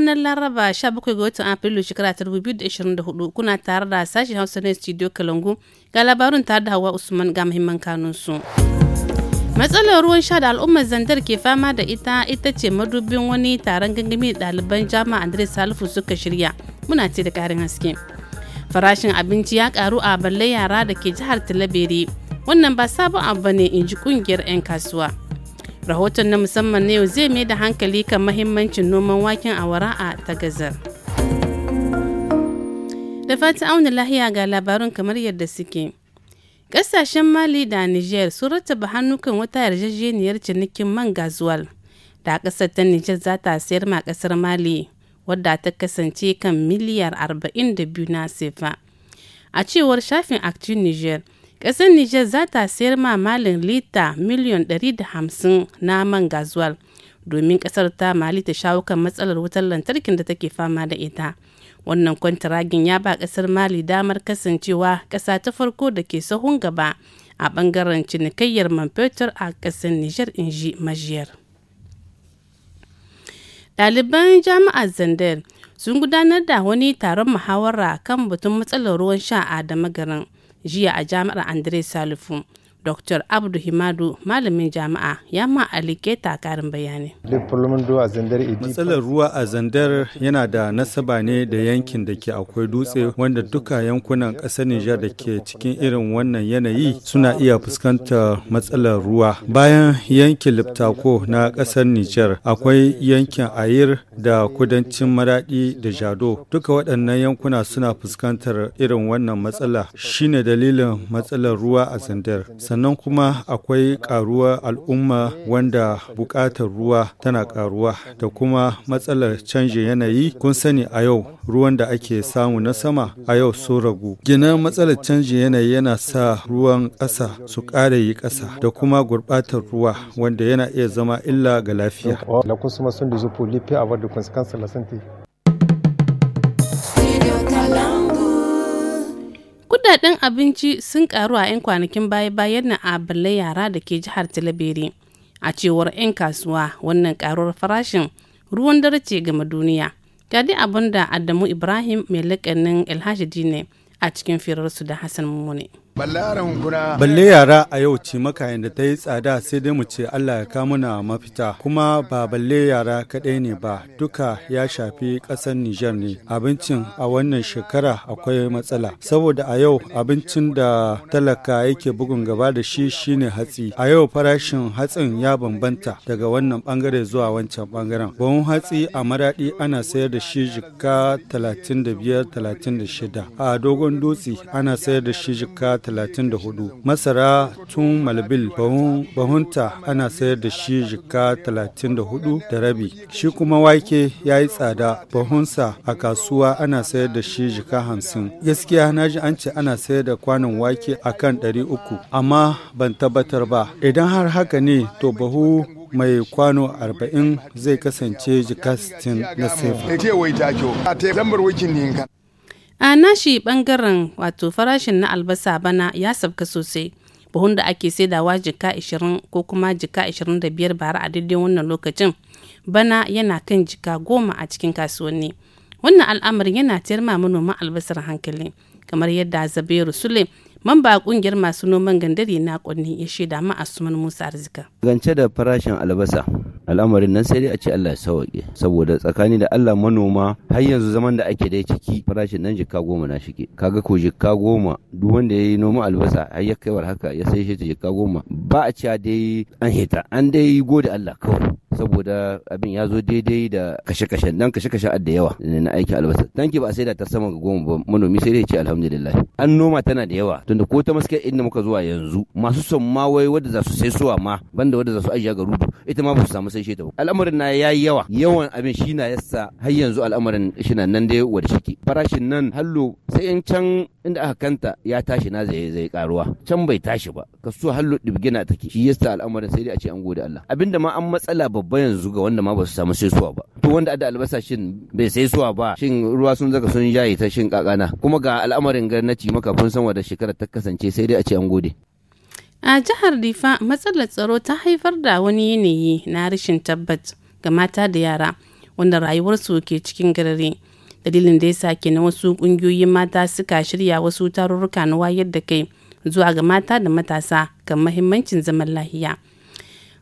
ranar Laraba 17 ga watan Afrilu shekara 2024 kuna tare da sashen Hausa na Studio Kalangu ga labarin tare da Hawa Usman ga muhimman kanunsu. Matsalar ruwan sha da al'ummar zandar ke fama da ita ita ce madubin wani taron gangami da ɗaliban jama'a Andres Salifu suka shirya. Muna ce da karin haske. Farashin abinci ya karu a balle yara da ke jihar Talabere. Wannan ba sabon abu ne in ji kungiyar 'yan kasuwa. rahoton na musamman na yau zai mai da hankali kan mahimmancin noman waken awara a tagazar da fata auna lahiya ga labarun kamar yadda suke ƙasashen mali da niger sun rattaba hannu kan wata yarjejeniyar cinikin man gazuwal da ƙasar ta niger za ta sayar ma ƙasar mali wadda ta kasance kan miliyar 42 na sefa a cewar shafin actin niger ƙasar Nijar za ta sayar ma malam lita miliyan 150 na man gazuwal domin ƙasar ta mali ta shawo kan matsalar wutar lantarkin da take fama da ita. Wannan kwantaragin ya ba ƙasar Mali damar kasancewa ƙasa ta farko da ke sahun gaba a ɓangaren cinikayyar man fetur a ƙasar Nijar ji majiyar. Ɗaliban jami'ar Zandar sun gudanar da wani taron muhawara kan batun matsalar ruwan sha a da magaran. jiya a jami'ar andre salifu Dr. Abdu Himadu malamin jama'a ya ma aliketa karin bayani. Matsalar ruwa a zandar yana da nasaba ne da yankin da ke akwai dutse wanda duka yankunan ƙasar Nijar da ke cikin irin wannan yanayi suna iya fuskantar matsalar ruwa. Bayan yankin Liptako na ƙasar Nijar akwai yankin Ayir da kudancin Maraɗi da Jado. Duka waɗannan yankuna suna fuskantar irin wannan matsala shine dalilin matsalar ruwa a zandar. sannan kuma akwai karuwar al'umma wanda buƙatar ruwa tana karuwa da kuma matsalar canjin yanayi kun sani a yau ruwan da ake samu na sama a yau sun ragu ginin matsalar canjin yanayi yana sa ruwan ƙasa su ƙara yi ƙasa da kuma gurɓatar ruwa wanda yana iya zama illa ga lafiya Kudaden abinci sun karu a 'yan kwanakin baya-bayan na a balle yara da ke jihar Talabere. A cewar 'yan kasuwa wannan karuwar farashin ruwan dare ce gama duniya. dai abin da Adamu Ibrahim mai lakanin Alhaji ne a cikin firarsu da Hassan mummune. Balle yara a yau ce makayin da ta yi tsada sai dai mu ce Allah ya na mafita kuma ba balle yara kaɗai ne ba duka ya shafi ƙasar Nijar ne. Abincin a wannan shekara akwai matsala saboda a yau abincin da talaka yake bugun gaba da shi shine hatsi. A yau farashin hatsin ya bambanta daga wannan bangare zuwa wancan bangaren. Buhun hatsi a maraɗi ana sayar da shi jika 35-36 a dogon dutse ana sayar da shi jika 34 masara tun malabil bahunta ana sayar da shi jika 34 da rabi shi kuma wake ya yi tsada bahunsa a kasuwa ana sayar da shi jika 50 gaskiya na ji an ce ana sayar da kwanon wake a kan 300 amma ban tabbatar ba idan har haka ne to bahu mai kwano 40 zai kasance jika na sefa. a nashi bangaren wato farashin na albasa bana ya sabka sosai buhun da ake saidawa jika 20 ko kuma jika 25 bara a daidai wannan lokacin bana yana kan jika goma a cikin kasuwanni wannan al'amarin yana tayar ma manoman albasar hankali kamar yadda zabiru sule mamba kungiyar masu noman gandare na kwanni ya shaida ma asuman musa arzika gance da farashin albasa al'amarin nan sai dai a ce Allah ya sauwaƙe saboda tsakani da Allah manoma har yanzu zaman da ake dai ciki farashin nan jikka goma na shige kaga ko jikka goma duk wanda ya yi noman albasa har ya kaiwar haka ya sai shi ta jikka goma ba a cewa dai an hita an dai gode Allah kawai saboda abin ya zo daidai da kashe-kashen dan kashe-kashen da yawa na aikin albasa tanki ba sai da ta sama ga goma ba manomi sai dai ce alhamdulillah an noma tana da yawa tunda ko ta maske inda muka zuwa yanzu masu son ma wai wadda za su sai suwa ma banda wadda za su ajiya ga rudu ita ma ba su samu sai ta ba al'amarin na yi yawa yawan abin shi na yasa har yanzu al'amarin shi na nan dai wanda shike farashin nan hallo sai in can inda aka kanta ya tashi na zai zai karuwa can bai tashi ba kasuwa hallo dibgina take shi yasa al'amarin sai dai a ce an gode Allah abinda ma an matsala babba babba yanzu ga wanda ma ba su samu saisuwa ba to wanda da albasa shin bai saisuwa ba shin ruwa sun zaka sun jaye ta shin kakana kuma ga al'amarin gwamnati maka kun san wadda shekarar ta kasance sai dai a ce an gode a jihar rifa matsalar tsaro ta haifar da wani yanayi na rashin tabbat ga mata da yara wanda rayuwarsu ke cikin garare dalilin da ya sake na wasu kungiyoyin mata suka shirya wasu tarurruka na wayar da kai zuwa ga mata da matasa kan mahimmancin zaman lahiya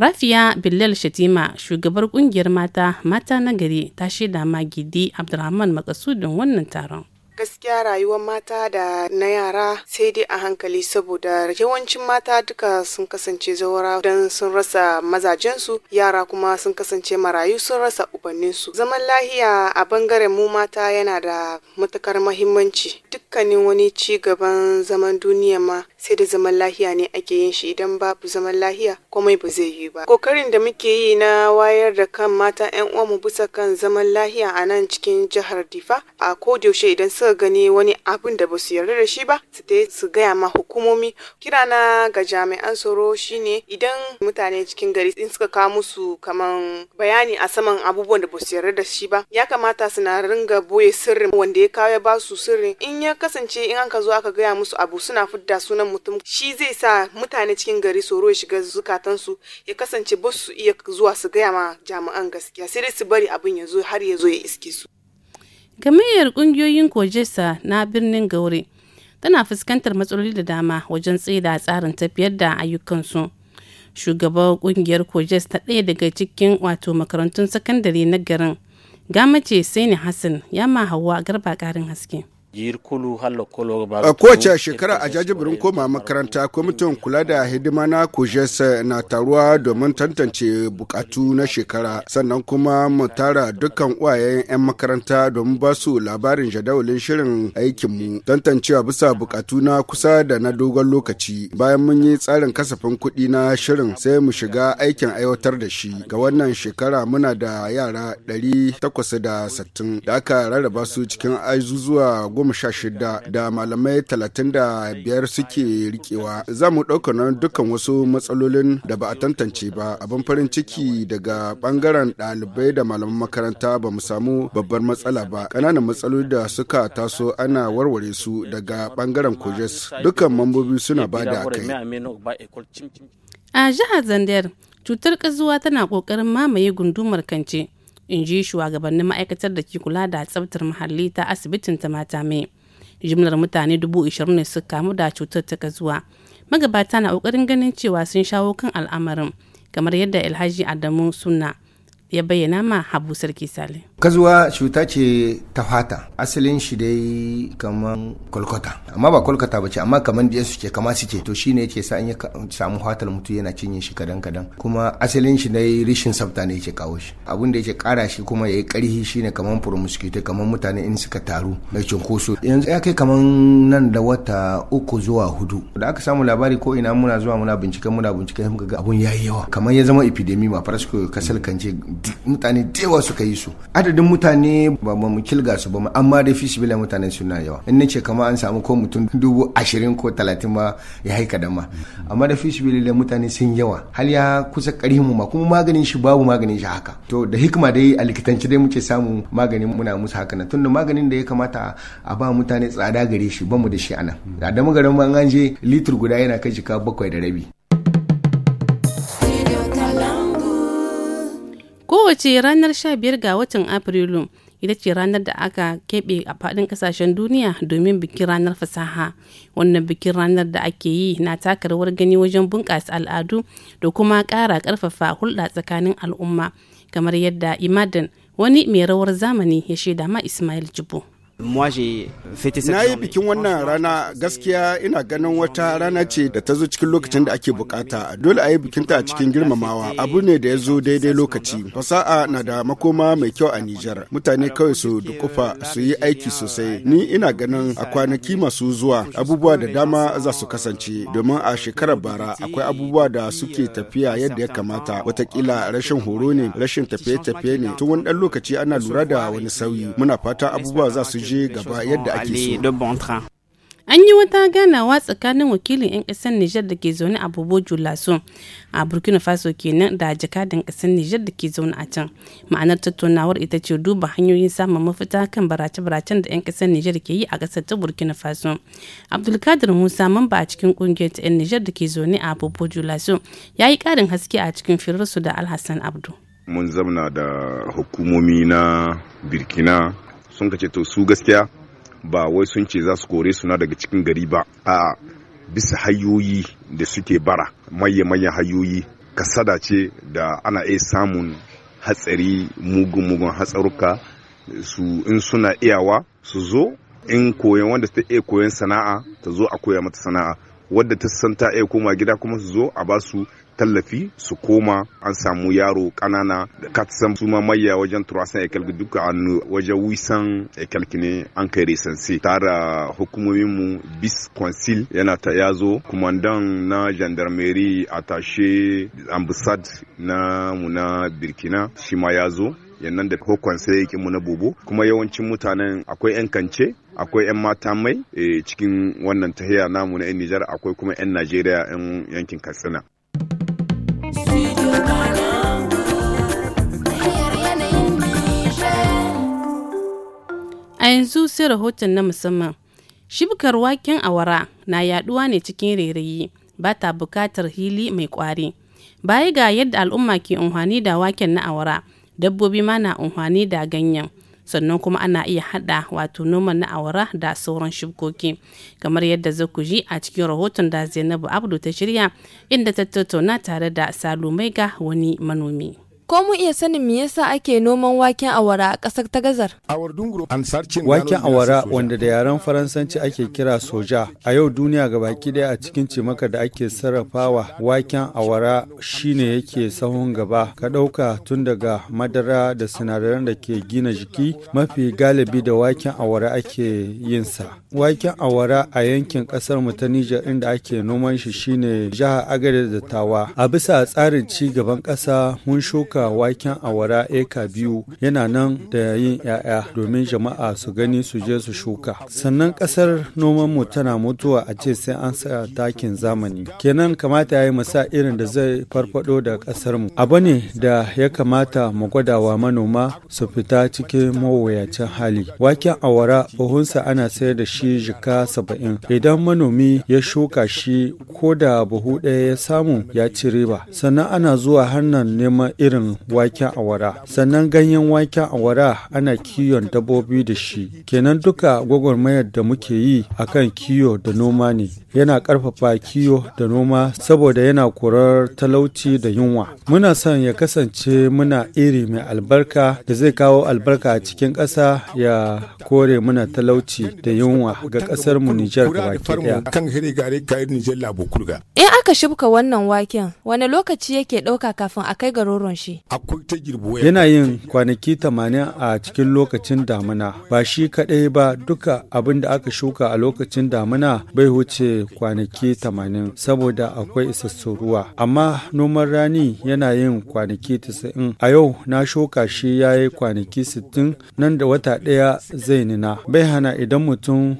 Rafiya Bilal Shatima, shugabar kungiyar mata mata na gari ta shaida ma Gidi Abdulrahman makasudin wannan taron. gaskiya rayuwar mata da na yara sai dai a hankali saboda yawancin mata duka sun kasance zaura don sun rasa mazajensu yara kuma sun kasance marayu sun rasa ubanninsu zaman lahiya a bangaren mu mata yana da matukar muhimmanci. dukkanin wani ci gaban zaman duniya ma sai da zaman lahiya ne ake yin shi idan babu zaman lahiya komai ba zai yi ba kokarin da muke yi na wayar da kan mata yan uwanmu bisa kan zaman lahiya a nan cikin jihar difa a ko yaushe idan suka gani wani abin da ba su yarda da shi ba su ta su gaya ma hukumomi kira na ga jami'an tsaro shine idan mutane cikin gari in suka kawo musu kamar bayani a saman abubuwan da ba su yarda da shi ba ya kamata suna ringa boye sirrin wanda ya kawo ya ba su sirrin in ya kasance in an ka zo aka gaya musu abu suna fidda sunan mutum shi zai sa mutane cikin gari tsoro ya shiga zukatansu ya kasance ba su iya zuwa su gaya ma jami'an gaskiya sai dai su bari abin ya zo har ya zo ya iske su. Gamayyar kungiyoyin Kojesa na birnin Gaure tana fuskantar matsaloli da dama wajen tsaida tsarin tafiyar da ayyukan su Shugaban kungiyar Kojes ta ɗaya daga cikin wato makarantun sakandare na garin. Gamace Saini Hassan ya ma hawa garba ƙarin haske. a kowace shekara a jajibirin koma makaranta kwamitin kula da hidima na kujes na taruwa domin tantance bukatu na shekara sannan kuma mu tara dukkan uwayen 'yan makaranta domin ba su labarin jadawalin shirin aikinmu tantancewa bisa bukatu na kusa da na dogon lokaci bayan mun yi tsarin kasafin kuɗi na shirin sai mu shiga aikin aiwatar da shi ga wannan shekara muna da yara 860 da aka rarraba su cikin azuzuwa goma sha shida da malamai talatin da biyar suke rikewa za mu ɗauka nan dukkan wasu matsalolin da ba a tantance ba abin farin ciki daga ɓangaren ɗalibai da malaman makaranta ba mu samu babbar matsala ba ƙananan matsaloli da suka taso ana warware su daga ɓangaren kojes dukkan mambobi suna ba da kai a jihar zandar cutar kazuwa tana ƙoƙarin mamaye gundumar kance in ji shugabannin ma'aikatar da ke kula da tsabtar muhalli ta asibitin ta mata mai jimlar mutane dubu ishirin ne suka kamu da cutar ta kazuwa magabata na ƙoƙarin ganin cewa sun shawo kan al'amarin kamar yadda alhaji adamu suna ya bayyana ma habu sarki sale kazuwa cuta ce ta fata asalin shi dai kaman kolkata amma ba kolkata ba ce amma kaman da su ke kama suke to shine yake sa an ya samu fatar mutu yana cinye shi kadan kadan kuma asalin shi dai rishin sabta ne yake kawo shi abin da yake kara shi kuma yayi karhi shine kaman promiscuity kamar mutane in suka taru mai cunkoso yanzu ya kai kaman nan da wata uku zuwa hudu da aka samu labari ko ina muna zuwa muna binciken muna binciken muka ga abun yayi yawa kamar ya zama epidemic ma farasko kasal kan ce mutane da yawa suka yi su adadin mutane ba mu kilga su ba amma dai fi bila mutane suna yawa in nace kamar an samu ko mutum dubu ashirin ko talatin ma ya haika da ma amma da fi bila mutane sun yawa har ya kusa kari mu ma kuma maganin shi babu maganin shi haka to da hikima dai a likitanci dai muke samu maganin muna musu haka na tunda maganin da ya kamata a ba mutane tsada gare shi ba mu da shi anan da da mu garin an je litir guda yana kai ka bakwai da rabi Kowace ranar sha biyar ga watan Afrilu ita ce ranar da aka keɓe a faɗin ƙasashen duniya domin bikin ranar fasaha. Wannan bikin ranar da ake yi na taka rawar gani wajen bunƙasa al'adu da kuma ƙara ƙarfafa hulɗa tsakanin al'umma kamar yadda Imadan wani mai rawar zamani ya shaida ma Ismail Jibo. Na bikin wannan rana gaskiya ina ganin wata rana ce da ta zo cikin lokacin da ake bukata. Dole a yi bikinta a cikin girmamawa. Abu ne da ya zo daidai lokaci. Fasa'a na da makoma mai kyau a Nijar. Mutane kawai su dukufa euh, su yi aiki sosai. Euh, Ni ina ganin a kwanaki masu zuwa euh, abubuwa da dama za su kasance. Domin a shekarar bara akwai abubuwa da suke tafiya yadda ya kamata. Watakila rashin horo ne, rashin tafiye-tafiye ne. Tun wani ɗan lokaci ana lura da wani sauyi. Muna fata abubuwa za su je gaba yadda ake so. An yi wata ganawa tsakanin wakilin 'yan ƙasar Nijar da ke zaune a Bobo julaso a Burkina Faso kenan da jakadan ƙasar Nijar da ke zaune a can. Ma'anar tattaunawar ita ce duba hanyoyin samun mafita kan barace-baracen da 'yan ƙasar Nijar ke yi a ƙasar ta Burkina Faso. Abdulkadir Musa mamba a cikin ƙungiyar ta 'yan Nijar da ke zaune a Bobo Julaso ya yi ƙarin haske a cikin firarsu da Alhassan Abdu. Mun zamna da hukumomi na birkina sun kace to su gaskiya ba wai sun ce za su kore suna daga cikin gari ba a bisa hayoyi da suke bara maye manyan hayoyi kasada ce da ana iya samun hatsari mugun mugun hatsaruka su in suna iyawa su zo in koyan wanda ta iya koyan sana'a ta zo a koya mata sana'a wadda ta san ta iya koma gida kuma su zo a ba su tallafi su koma an samu yaro kanana da katsan su ma wajen turasan ekel duka an wajen wisan ekalki ne an kai resansi tara hukumomin mu bis consil yana ta yazo kumandan na jandarmeri attaché ambassade na muna birkina Burkina shi ma yazo yannan da kokon sai ya mu na bobo kuma yawancin mutanen akwai 'yan kance akwai 'yan mata mai eh, cikin wannan tahiya namu na 'yan nijar akwai kuma 'yan najeriya 'yan yankin katsina yanzu sai rahoton na musamman. Shibkar waken awara na yaduwa ne cikin rairayi ba ta bukatar hili mai kwari. Baya ga yadda al'umma ke unhwani da waken na awara, dabbobi ma na unhwani da ganyen. sannan kuma ana iya hada wato noman na awara da sauran shibkoki kamar yadda za ku ji a cikin rahoton da zainabu abdu ta shirya inda ta tattauna tare da salumai ga wani manomi. Ko mu iya sanin me yasa ake noman waken awara a ƙasar ta Gazar? Waken awara wanda da yaren Faransanci ake kira soja, a yau duniya ga baki daya a cikin cimaka da ake sarrafawa waken awara shine yake sahun gaba. Ka ɗauka tun daga madara da sinadaran da ke gina jiki mafi galibi da waken awara ake yinsa. Waken awara a yankin kasar mu ta Nijar inda ake noman shi shine jihar Agadez da Tawa. A bisa tsarin ci gaban kasa mun shuka waken awara eka biyu yana nan da yin ‘ya'ya domin jama'a su gani su je su shuka. Sannan kasar noman mu tana mutuwa a ce sai an sa takin zamani. Kenan kamata ya yi masa irin da zai farfado da kasar mu. Abu ne da ya kamata mu gwadawa manoma su fita cikin mawuyacin hali. Waken awara buhunsa ana sayar da shi shi jika saba'in idan manomi ya shuka shi ko da buhu ɗaya ya samu ya ci riba sannan ana zuwa hannan neman irin waken awara sannan ganyen waken awara ana kiyon dabbobi da shi kenan duka gwagwarmayar da muke yi akan kiyo da noma ne yana ƙarfafa kiyo da noma saboda yana korar talauci da yunwa muna son ya kasance muna iri mai albarka da zai kawo albarka a cikin ƙasa ya kore muna talauci da yunwa ga kasar mu Nijar gabaki daya kan hiri gare kai Nijar labo kurga in aka shibka wannan waken wani lokaci yake ɗauka kafin a kai garoron shi akwai ta girbo yana yin kwanaki 80 a cikin lokacin damuna, ba shi kadai ba duka abin da aka shuka a lokacin damuna bai wuce kwanaki 80 saboda akwai isassun ruwa amma noman rani yana yin kwanaki 90 a yau na shuka shi yayi kwanaki 60 nan da wata daya zai nina bai hana idan mutum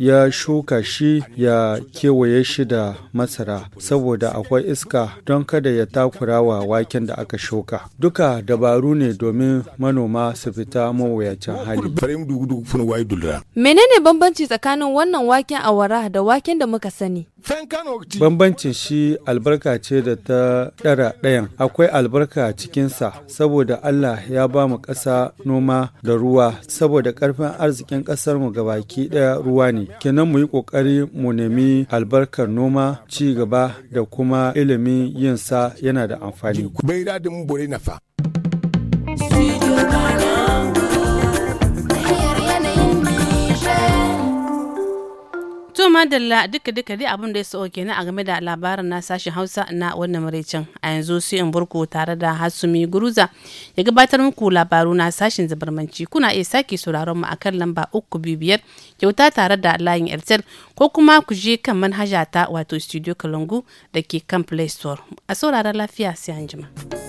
ya shuka shi ya kewaye shi da masara saboda akwai iska don kada ya takura wa waken da aka shuka. Duka dabaru ne domin manoma su fita mawuyacin hali. Menene bambanci tsakanin wannan waken awara da waken da muka sani? Bambancin shi albarka ce da ta ɗara ɗayan. Akwai albarka cikinsa saboda Allah ya ba mu ƙasa noma da ruwa saboda ƙarfin arzikin ƙasarmu gabaki ɗaya ruwa ne kenan mu yi ƙoƙari mu nemi albarkar noma ci gaba da kuma ilimin yinsa yana da amfani. Bai dadin bore nafa. madalla duka duka dai abin da ya so kenan a game da labarin na sashen hausa na wannan maraicin a yanzu sai in burku tare da hasumi guruza ya gabatar muku labaru na sashen zabarmanci kuna iya sake sauraron mu akan lamba uku biyu biyar kyauta tare da layin airtel ko kuma ku je kan manhaja ta wato studio kalungu da ke kan play store a sauraron lafiya sai anjima.